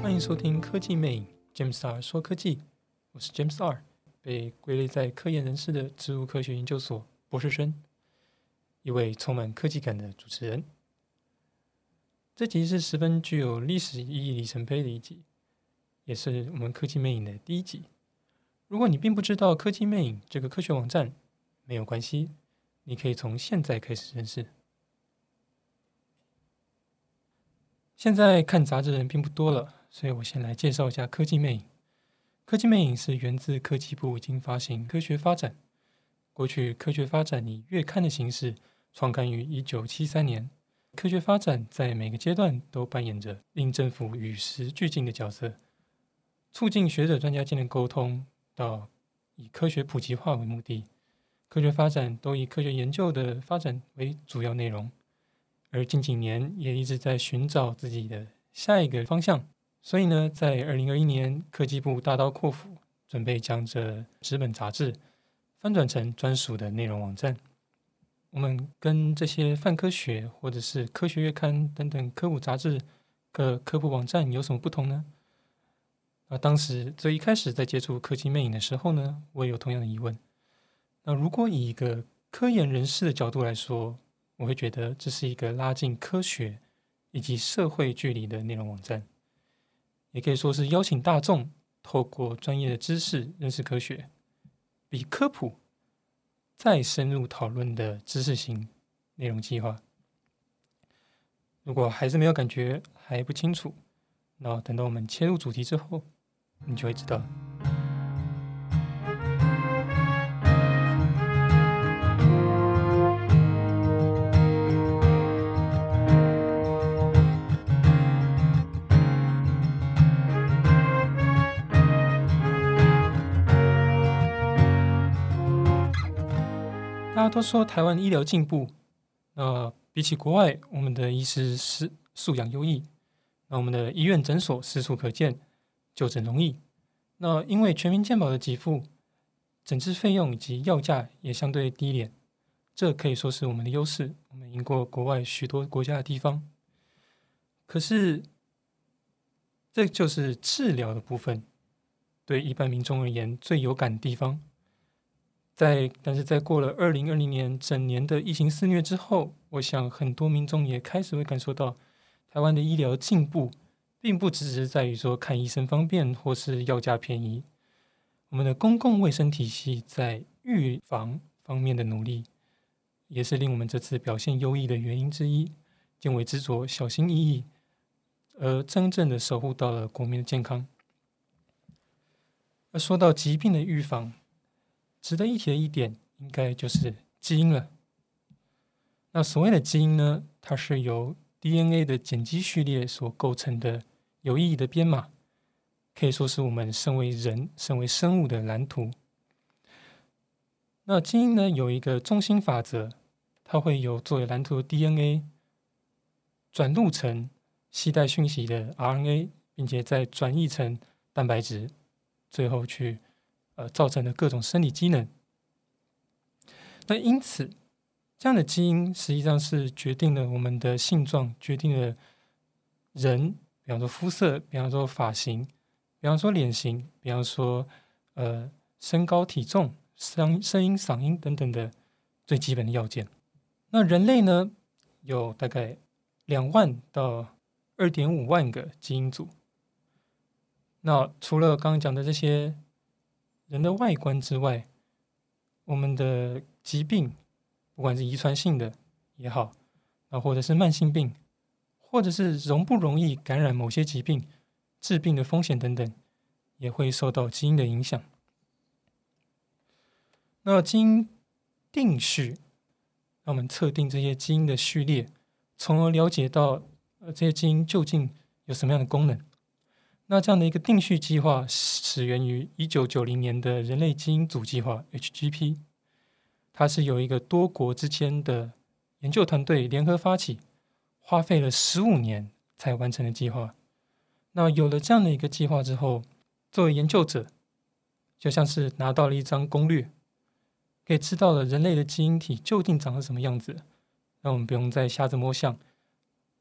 歡迎收聽《科技魅癮》，James R 說科技，我是 James R，被歸類在科研人士的植物科學研究所博士生。一位充滿科技感的主持人。這集是十分具有歷史意義里程碑的一集，也是我們《科技魅癮》的第一集。如果你並不知道《科技魅癮》這個科學網站，沒有關係，你可以從現在開始認識。現在看雜誌的人並不多了，所以我先來介紹一下科技魅癮《科技魅癮》。《科技魅癮》是源自科技部已經發行《科學發展》。過去，《科學發展》以月刊的形式。創刊於一九七三年，科學發展在每個階段，都扮演着令政府與時俱進的角色，促進學者專家間的溝通，到以科學普及化為目的，科學發展都以科學研究的發展為主要內容，而近幾年也一直在尋找自己的下一個方向，所以呢，在二零二一年科技部大刀闊斧，準備將這紙本雜志翻轉成專屬的內容網站。我們跟這些泛科學或者是科學月刊等等科普雜誌的科普網站有什麼不同呢？啊，當時最一開始在接觸《科技魅癮》的時候呢，我也有同樣的疑問。那如果以一個科研人士的角度來說，我會覺得這是一個拉近科學以及社會距離的內容網站，也可以說是邀請大眾透過專業的知識認識科學，比科普。再深入討論的知識型內容計劃，如果還是沒有感覺，還不清楚，那等到我們切入主題之後，你就會知道。大家都說台灣醫療進步，那比起國外，我們的醫師師素養優異，那我們的醫院診所隨處可見，就診容易。那因為全民健保的給付，診治費用以及藥價也相對低廉，這可以說是我們的優勢，我們贏過國外許多國家的地方。可是，這就是治療的部分，對一般民眾而言最有感的地方。在，但是在過了二零二零年整年的疫情肆虐之後，我想很多民眾也開始會感受到，台灣的醫療的進步，並不只是在於說看醫生方便或是藥價便宜。我們的公共衛生體系在預防方面的努力，也是令我們這次表現優異的原因之一。因為執着、小心翼翼，而真正的守護到了國民的健康。而說到疾病的預防，值得一提的一點，應該就是基因了。那所謂的基因呢，它是由 DNA 的鹼基序列所構成的有意義的編碼，可以說是我們身為人、身為生物的藍圖。那基因呢，有一個中心法則，它會有作為藍圖的 DNA 轉錄成攜帶訊息的 RNA，並且再轉譯成蛋白質，最後去。呃，造成的各種生理機能。那因此，這樣的基因實際上是決定了我們的性狀，決定了人，比方說膚色，比方說髮型，比方說臉型，比方說呃身高、體重、聲音聲音、嗓音等等的最基本的要件。那人類呢，有大概兩萬到二點五萬個基因組。那除了剛剛講的這些，人的外觀之外，我們的疾病，不管是遺傳性的也好，啊，或者是慢性病，或者是容不容易感染某些疾病、致病的風險等等，也會受到基因的影響。那基因定序，讓我們測定這些基因的序列，從而了解到呃這些基因究竟有什麼樣的功能。那這樣的一個定序計劃，始源於一九九零年的人類基因組計劃 （HGP），它是由一個多國之間的研究團隊聯合發起，花費了十五年才完成的計劃。那有了這樣的一個計劃之後，作為研究者，就像是拿到了一張攻略，可以知道了人類的基因體究竟長得什麼樣子，那我們不用再瞎子摸象，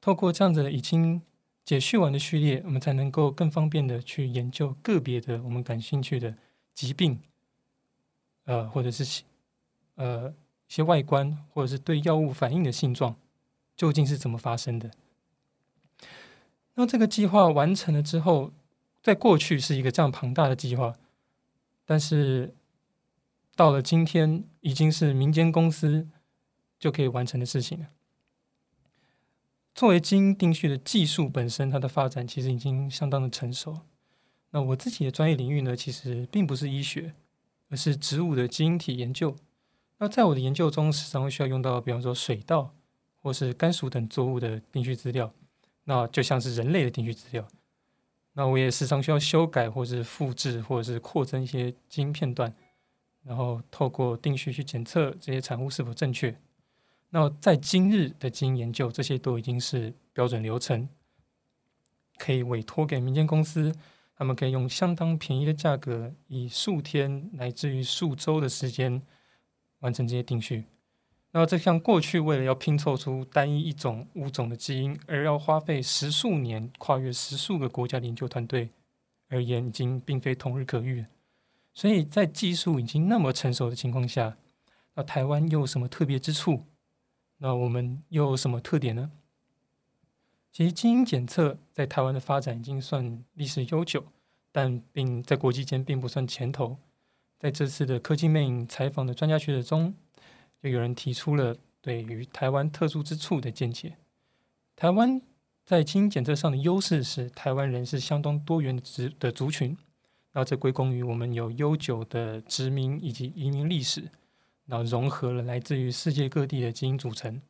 透過這樣子的已經。解序完的序列，我們才能夠更方便地去研究個別的我們感興趣的疾病，呃，或者是，呃，一些外觀，或者是對藥物反應的性狀，究竟是怎麼發生的？那這個計劃完成了之後，在過去是一個這樣龐大的計劃，但是到了今天，已經是民間公司就可以完成的事情了。作為基因定序的技術本身，它的發展其實已經相當的成熟。那我自己的專業領域呢，其實並不是醫學，而是植物的基因體研究。那在我的研究中，時常會需要用到比方說水稻或是甘薯等作物的定序資料，那就像是人類的定序資料。那我也時常需要修改或是複製或者是擴增一些基因片段，然後透過定序去檢測這些產物是否正確。那在今日的基因研究，這些都已經是標準流程，可以委托給民間公司，他們可以用相當便宜的價格，以數天乃至於數週的時間完成這些定序。那這像過去為了要拼湊出單一一種物種的基因，而要花費十數年，跨越十數個國家的研究團隊，而言已經並非同日可遇。所以在技術已經那麼成熟的情況下，那台灣又有什麼特別之處？那我們又有什麼特點呢？其實基因檢測在台灣的發展已經算歷史悠久，但並在國際間並不算前頭。在這次的《科技魅癮》採訪的專家學者中，就有人提出了對於台灣特殊之處的見解。台灣在基因檢測上的優勢是，台灣人是相當多元的族群，那這歸功於我們有悠久的殖民以及移民歷史。然後融合了來自於世界各地的基因組成，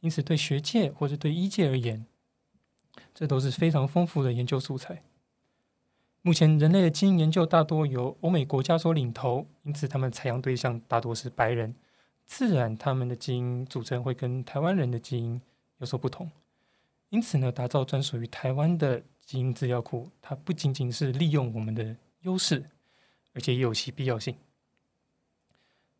因此對學界或者對醫界而言，這都是非常豐富的研究素材。目前人類的基因研究大多由歐美國家所領頭，因此他們採樣對象大多是白人，自然他們的基因組成會跟台灣人的基因有所不同。因此呢，打造專屬於台灣的基因資料庫，它不僅僅是利用我們的優勢，而且也有其必要性。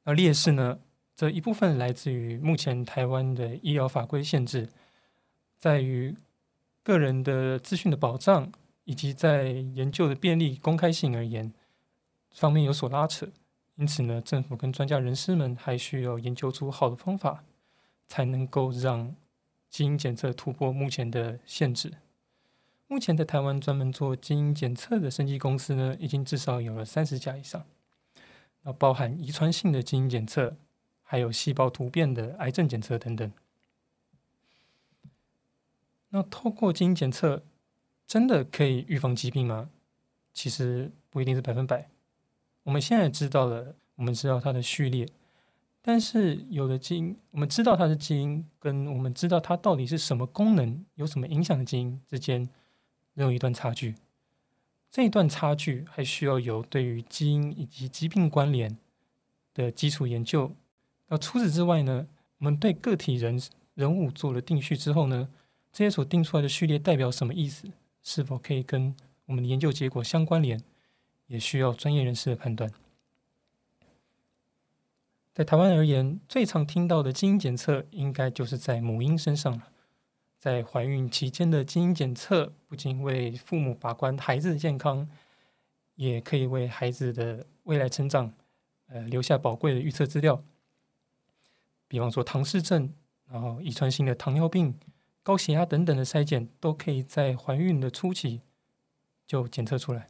而劣勢呢，這一部分來自於目前台灣的醫療法規限制，在於個人的資訊的保障，以及在研究的便利、公開性而言方面有所拉扯。因此呢，政府跟專家人士們還需要研究出好的方法，才能夠讓基因檢測突破目前的限制。目前在台灣專門做基因檢測的生技公司呢，已經至少有了三十家以上。那包含遺傳性的基因檢測，還有細胞突變的癌症檢測等等。那透過基因檢測，真的可以預防疾病嗎？其實不一定是百分百。我們現在知道了，我們知道它的序列，但是有的基因，我們知道它的基因跟我們知道它到底是什麼功能、有什麼影響的基因之間，仍有一段差距。這一段差距還需要有對於基因以及疾病關聯的基礎研究。那除此之外呢，我們對個體人人物，做了定序之後呢，這些所定出來的序列代表什麼意思，是否可以跟我們的研究結果相關聯，也需要專業人士的判斷。在台灣而言，最常聽到的基因檢測應該就是在母嬰身上了。在懷孕期間的基因檢測，不僅為父母把關孩子的健康，也可以為孩子的未來成長，呃，留下寶貴的預測資料。比方說唐氏症，然後遺傳性的糖尿病、高血壓等等的篩檢，都可以在懷孕的初期就檢測出來。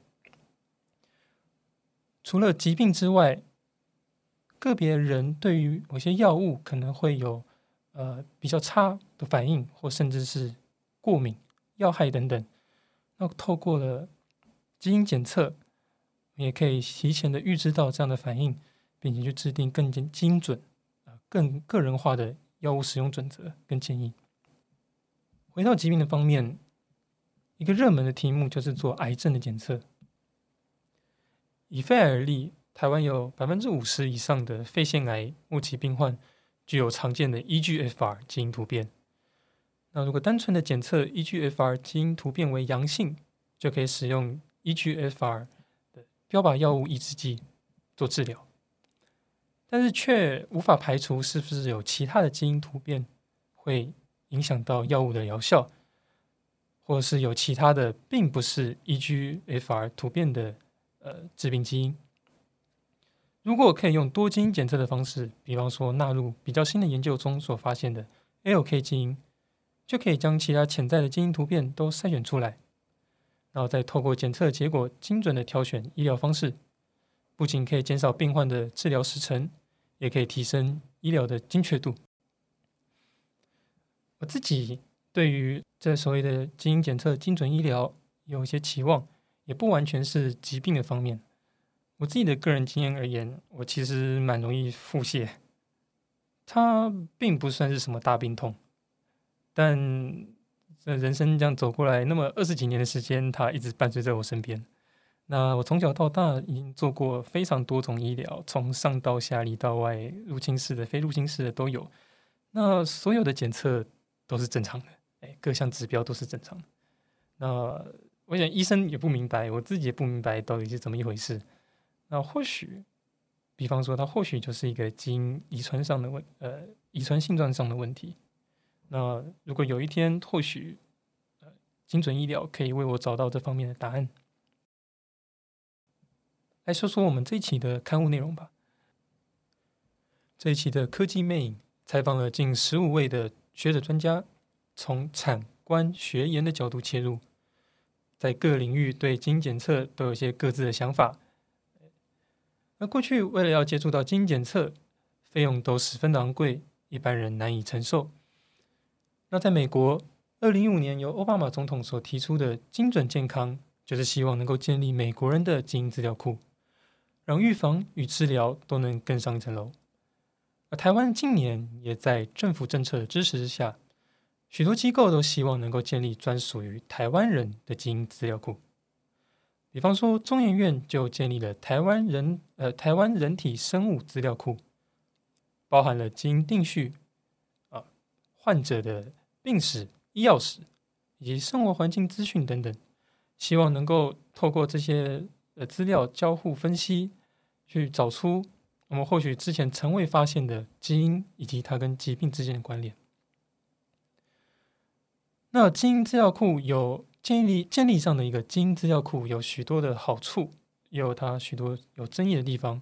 除了疾病之外，個別人對於某些藥物可能會有呃比較差的反應或甚至是過敏、藥害等等，那透過了基因檢測，也可以提前的預知到這樣的反應，並且去制定更精精準、啊更個人化的藥物使用準則跟建議。回到疾病的方面，一個熱門的題目就是做癌症的檢測。以肺癌為例，台灣有百分之五十以上的肺腺癌末期病患具有常見的 EGFR 基因突變。那如果單純的檢測 EGFR 基因突變為陽性，就可以使用 EGFR 的標靶藥物抑制劑做治療，但是卻無法排除是不是有其他的基因突變會影響到藥物的療效，或是有其他的並不是 EGFR 突變的呃致病基因。如果可以用多基因檢測的方式，比方說納入比較新的研究中所發現的 ALK 基因。就可以將其他潛在的基因突變都篩選出來，然後再透過檢測結果精準的挑選醫療方式，不僅可以減少病患的治療時程，也可以提升醫療的精確度。我自己對於這所謂的基因檢測精準醫療有些期望，也不完全是疾病的方面。我自己的個人經驗而言，我其實蠻容易腹瀉，它並不算是什麼大病痛。但這人生這樣走過來，那麼二十幾年的時間，他一直伴隨在我身邊。那我從小到大已經做過非常多種醫療，從上到下、裡到外，入侵式的、非入侵式的都有。那所有的檢測都是正常的，哎，各項指標都是正常的。那我想醫生也不明白，我自己也不明白到底是怎麼一回事。那或許，比方說，它或許就是一個基因遺傳上的問，呃，遺傳性狀上的問題。那如果有一天，或許，呃，精準醫療可以為我找到這方面的答案。來說說我們這一期的刊物內容吧。這一期的《科技魅癮》採訪了近十五位的學者專家，從產官學研的角度切入，在各領域對基因檢測都有些各自的想法。而過去為了要接觸到基因檢測，費用都十分的昂貴，一般人難以承受。那在美國，二零一五年由奧巴馬總統所提出的精準健康，就是希望能夠建立美國人的基因資料庫，讓預防與治療都能更上一層樓。而台灣近年也在政府政策的支持之下，許多機構都希望能夠建立專屬於台灣人的基因資料庫。比方說，中研院就建立了台灣人呃台灣人體生物資料庫，包含了基因定序啊患者的。病史、醫藥史以及生活環境資訊等等，希望能夠透過這些呃資料交互分析，去找出我們或許之前從未發現的基因以及它跟疾病之間的關聯。那基因資料庫有建立建立上的一個基因資料庫，有許多的好處，也有它許多有爭議的地方。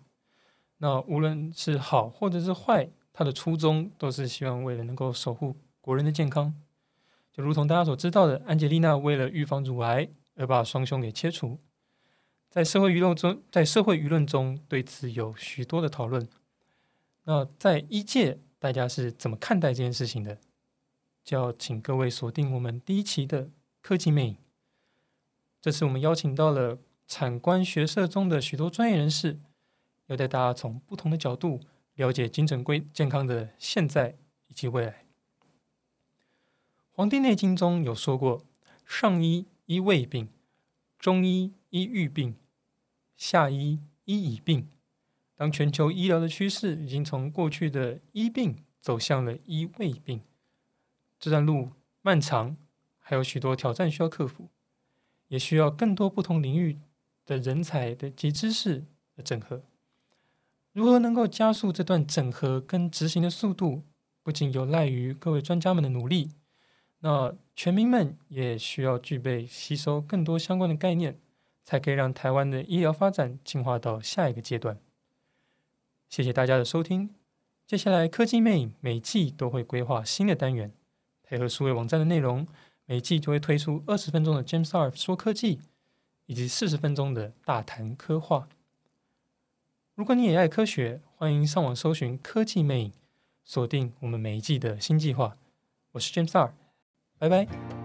那無論是好或者是壞，它的初衷都是希望為了能夠守護國人的健康，就如同大家所知道的，安吉麗娜為了預防乳癌而把雙胸給切除。在社會輿論中，在社會輿論中對此有許多的討論。那在醫界，大家是怎麼看待這件事情的？就要請各位鎖定我們第一期的科技魅癮。這次我們邀請到了產官學社中的許多專業人士，要帶大家從不同的角度了解精準規健康的現在以及未來。《黃帝內經》中有說過：“上醫醫未病，中醫醫欲病，下醫醫已病。”當全球醫療的趨勢已經從過去的醫病走向了醫未病，這段路漫長，還有許多挑戰需要克服，也需要更多不同領域的人才的及知識的整合。如何能夠加速這段整合跟執行的速度，不僅有賴於各位專家們的努力。那全民們也需要具備吸收更多相關的概念，才可以讓台灣的醫療發展進化到下一個階段。謝謝大家的收聽。接下來科技魅癮每季都會規劃新的單元，配合數位網站的內容，每季就會推出二十分鐘的 James R 說科技，以及四十分鐘的大談科幻。如果你也愛科學，歡迎上網搜尋科技魅癮，鎖定我們每一季的新計劃。我是 James R。拜拜。